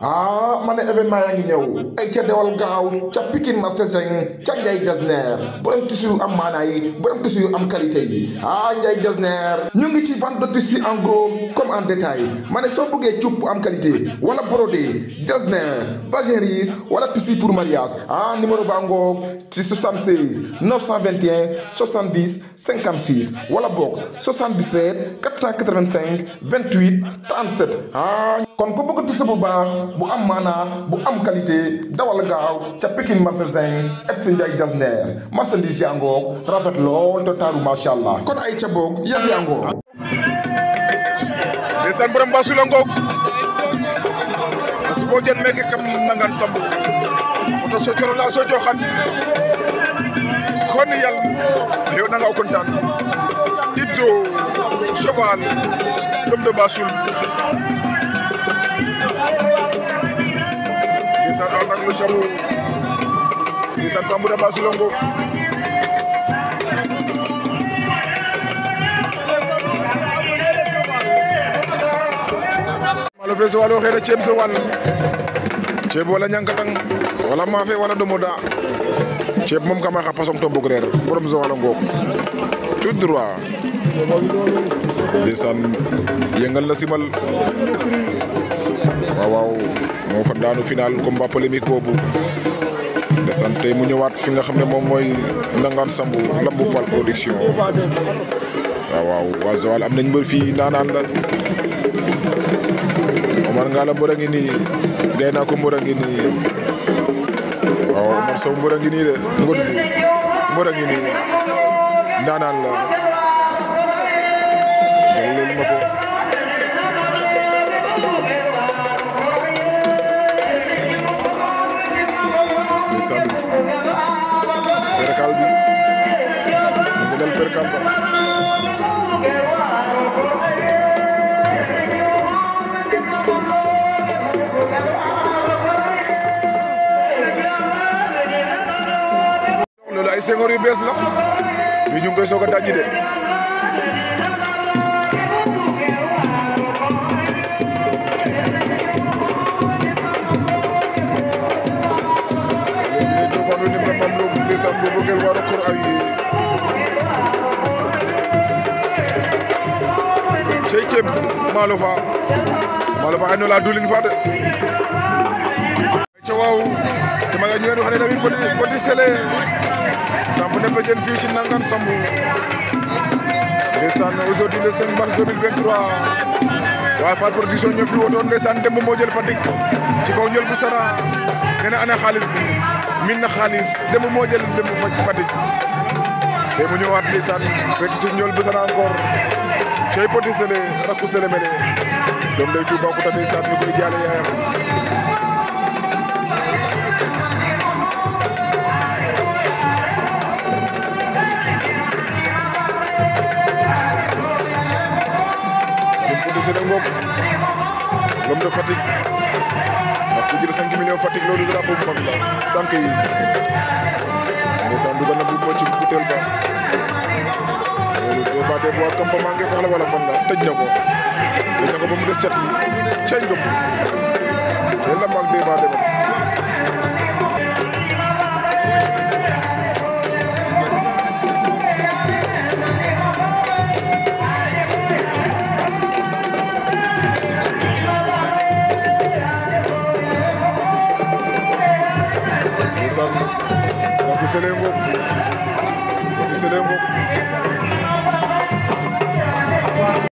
ah ma ne événement yaa ngi ñëw ay ca dewal gaaw ca Pikine Master Seng ca Ndiaye Jasner borom tissu am maanaa yi borom tissu yu am qualité yi ah Ndiaye Jasner ñu ngi ci vente de tissu en gros comme en détail ma ne soo bëggee cuub am qualité wala brodé Jasner Bageris wala tissu pour mariage ah numéro baa ngoog ci 76 921 70 56 wala boog 77 485 28 37 ah. kon ku bëgg tuse bu baax bu am maanaa bu am qualité dawal gaaw ca Pikine marché Zinc FC Ndiaye Jasner marchandise yaa ngoog rafet lool te taaru macha allah kon ay ca boog yàq yaa ngoog. ndeysaan borom basu la ngoog parce que boo jën meeke kam nangan sambu xoto socoro la soco xan kon yàlla yow na nga o kontaan Ibzo Cheval dom de Basoul ndeysaan ànd ak le chameau ndeysaan Basilongo malo walo xene ceeb wala ñankatang wala wala domoda kama xa pasong to borom tout droit ndeysaan yëngal na simal waaw waaw moo fa daanu final combat polémique boobu ndeysaan tey mu ñëwaat fi nga xam ne moom mooy nangaan sambu lambu Fall production waaw waaw waa Joal am nañ mbër fi naanaan la Omar Ngalla mbër a ngi nii gay naa ko mbër a ngi nii waaw Omar mbër a ngi nii de ngóor si mbër a ngi nii ndaanaan la jagleel ma ko ndeysaan perkal bi mu perkal ba ay yu la bi ñu ngi koy soog a dajji de sambu bugel waru qur'ayi cey ceeb maalo fa maalo fa xayno la dulin fa de cowaw semaga ñuren waxane namin poti sele Ngoné Mbédiène fii ci Nangane Sambou ndeysaan aujourd'hui le 5 mars 2023 waaye Fall production ñoo fi wotoon ndeysaan démb moo jël Fatick ci kaw njël bu sara nee na ana xaalis bi min na xaalis démb moo jël démb Fatick tey mu ñëwaat ndeysaan fekk ci njël bu sara encore cey poti sele rakku sele mele doom day Toubacouta ndeysaan ñu koy jaale yaayam Cissé la ngoog l'homme de Fatick ndax ku jël 5 millions Fatick loolu drapeau bu mag la tànk yi ndeysaan dugal na bu bo ci butéel ba loolu boo baatee boo campement ngeen wax la wala fan la tëj na ko tëj na ko ba mu des cat yi ceeñ ko teel la mag dee baa demal ndeysaan Mbacke Sélé Mboup Mbacke Sélé Mboup